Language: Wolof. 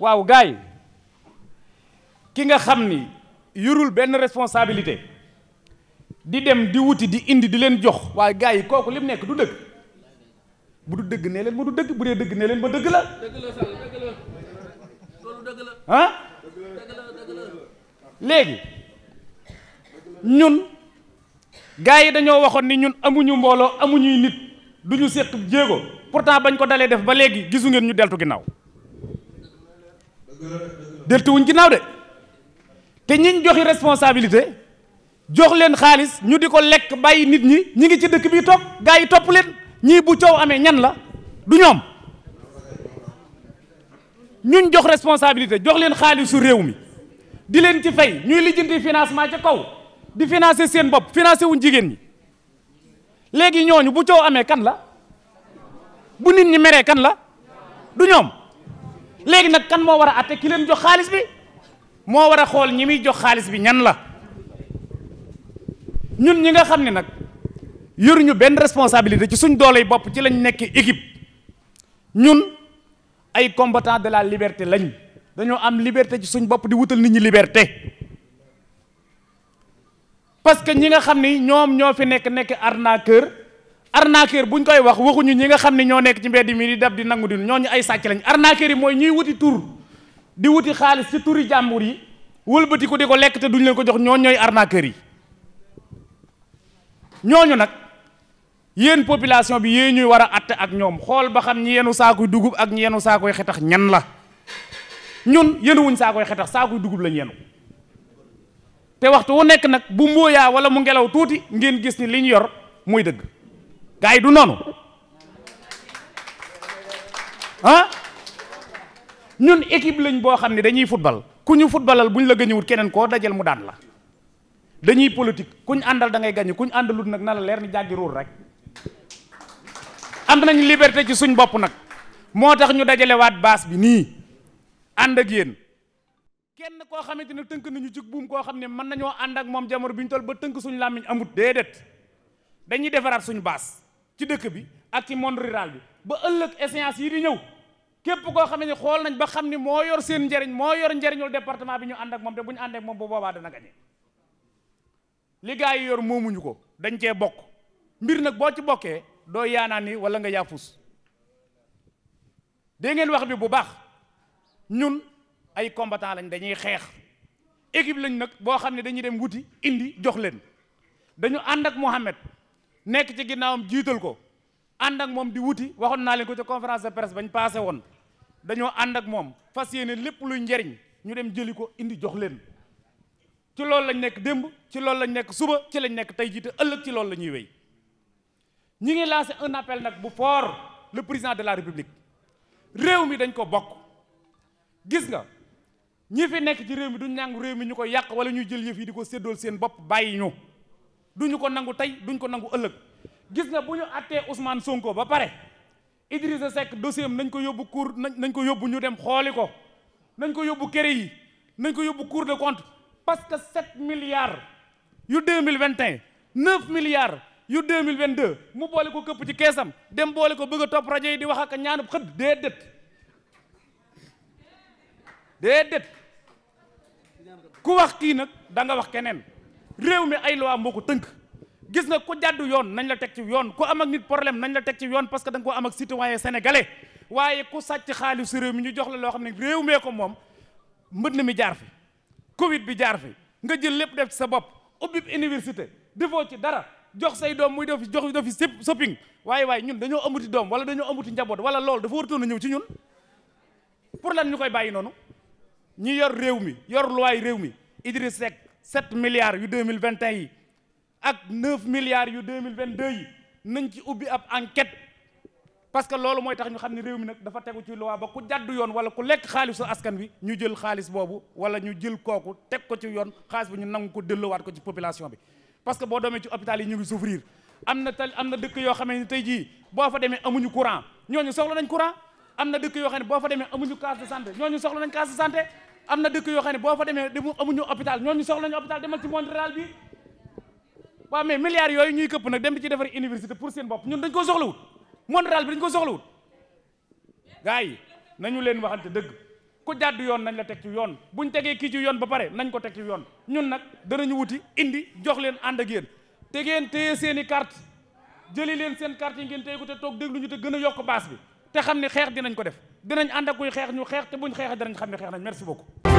waaw gaay ki nga xam ni yurul benn responsabilité di dem di wuti di indi di leen jox waaye gaay yi kooku lim nekk du dëgg bu du dëgg nee leen ma dëgg bu dee dëgg nee leen ma dëgg la ah léegi ñun gaay yi dañoo waxoon ni ñun amuñu mbooloo amuñuy nit ñu séq jéego pourtant bañ ko dalee def ba léegi gisu ngeen ñu deltu ginnaaw deltu wuñ ginnaaw de te ñiñ joxi responsabilité jox leen xaalis ñu di ko lekk bàyyi nit ñi ñi ngi ci dëkk bi toog gaa yi topp leen ñii bu coow amee ñan la du ñoom ñuñ jox responsabilité jox leen xaalisu réew mi di leen ci fay ñuy lijjanti financement ca kaw di financer seen bopp financer wuñ jigéen ñi léegi ñooñu bu coow amee kan la bu nit ñi meree kan la du ñoom léegi nag kan moo war a atte ki leen jox xaalis bi moo war a xool ñi muy jox xaalis bi ñan la ñun ñi nga xam ne nag yoruñu benn responsabilité ci suñ doole yi bopp ci lañ nekk équipe ñun ay combattant de la liberté lañ dañoo am liberté ci suñ bopp di wutal nit ñi liberté parce que ñi nga xam ni ñoom ñoo fi nekk nekk arnaqueur bu ñu koy wax waxuñu ñi nga xam ne ñoo nekk ci mbedd mi di dab di nangu di ñooñu ay sàcc lañ arnaqueur yi mooy ñuy wuti tur di wuti xaalis ci turi jàmbur yi wëlbati ko di ko lekk te duñ leen ko jox ñooñu ñooy arnaqueur ñooñu nag yéen population bi yéen ñuy war a àtte ak ñoom xool ba xam ñi yenu dugub ak ñi yenu saakoy xetax ñan la ñun yenuwuñ saakoy xetax saakuy dugub lañ yenu te waxtu wu nekk nag bu mbóoyaa wala mu ngelaw tuuti ngeen gis ni li ñu yor muy dëgg gars yi du noonu ah ñun équipe lañ boo xam ne dañuy football ku ñu futbalal bu ñu la gañewut keneen koo dajal mu daan la dañuy politique ku ñu àndal dangay ngay gañe ku ñu àndalut nag na la leer ni jàggi rek am nañ liberté ci suñ bopp nag moo tax ñu dajalewaat baas bi nii ànd ak yéen kenn koo xamante ne tënk nañu jig buum koo xam ne mën nañoo ànd ak moom jamono bi ñu toll ba tënk suñu làmmiñ amut déedéet dañuy defaraat suñu baas ci dëkk bi ak ci monde rural bi ba ëllëg échéance yi di ñëw képp koo xam ne xool nañ ba xam ni moo yor seen njëriñ moo yor njëriñul département bi ñu ànd ak moom te bu ñu ànd ak moom bu boobaa dana gañe li yi yor moomuñu ko dañ cee bokk mbir nag boo ci bokkee doo yaanaan ni wala nga yaafus dégg ngeen wax bi bu baax ñun ay combattant lañ dañuy xeex équipe lañ nag boo xam ne dañuy dem wuti indi jox leen dañu ànd ak Mohamed nekk ci ginnaawam jiital ko ànd ak moom di wuti waxoon naa leen ko ci conférence de presse bañ passé woon dañoo ànd ak moom fas yéene lépp luy njariñ ñu dem jëli ko indi jox leen ci loolu lañ nekk démb ci loolu lañ nekk suba ci lañ nekk tey jii te ëllëg ci loolu la ñuy wéy ñi ngi lancé un appel nag bu foor le président de la république réew mi dañ ko bokk gis nga ñi fi nekk ci réew mi duñ nangu réew mi ñu ko yàq wala ñuy jël yëf yi di ko séddool seen bopp bàyyi ñu duñu ko nangu tey duñ ko nangu ëllëg gis nga bu ñu attee Ousmane Sonko ba pare Idrissa Seck dossier am nañ ko yóbbu cour nañ ko yóbbu ñu dem xooli ko nañ ko yóbbu kër yi nañ ko yóbbu cour de compte parce que 7 milliards yu 2021 9 milliards yu 2022 mu boole ko këpp ci keesam dem boole ko bëgg a topp rajo yi di wax ak ñaanub xëdd déedéet déedéet ku wax kii nag danga wax keneen réew mi ay loi moo ko tënk gis nga ku jàddu yoon nañ la teg ci yoon ku am ak nit problème nañ la teg ci yoon parce que da ko am ak citoyen sénégalais waaye ku sàcc xaalisu réew mi ñu jox la loo xam ne réew mee ko moom mbënn mi jaar fi covid bi jaar fi nga jël lépp def ci sa bopp ubbi université defoo ci dara jox say doom muy def jox dofi shopping waaye waaye ñun dañoo amuti doom wala dañoo amuti njaboot wala loolu dafa wartoon a ñëw ñun pour lan ñu koy bàyyi noonu ñu yor réew mi yor luwaay réew mi Idriss Seck sept milliards yu deux mille vingt un yi ak neuf milliards yu deux mille vingt deux yi nañ ci ubbi ab enquête parce que loolu mooy tax ñu xam ne réew mi nag dafa tegu ci loi ba ku jàddu yoon wala ku lekk xaalisu askan wi ñu jël xaalis boobu wala ñu jël kooku teg ko ci yoon xaalis bi ñu nangu ko delloowaat ko ci population bi parce que boo demee ci hôpital yi ñu ngi souffrir am na tal am na dëkk yoo xam ne tey jii boo fa demee amuñu courant ñooñu soxla nañ courant am na dëkk yoo xam ne boo fa demee amuñu case de santé ñooñu soxla nañ case de am na dëkk yoo xam ne boo fa demee demu amuñu hôpital ñooñu soxla ñu hôpital demal ci monde rural bi waaw mais milliards yooyu ñuy këpp nag dem di ci defar université pour seen bopp ñun dañ koo soxlawut monde rural bi dañ koo soxlawut gars yi nañu leen waxante dëgg ku jàddu yoon nañ la teg ci yoon bu ñu tegee kii ci yoon ba pare nañ ko teg ci yoon ñun nag danañu wuti indi jox leen ànd ak yéen te ngeen seen i carte jëli leen seen carte yi ngeen téye ko te toog te gën yokk baas bi te xam ne xeex dinañ ko def dinañ ànd ak kuy xeex ñu xeex te buñ xeexee danañ xam ne xeex nañ merci beaucoup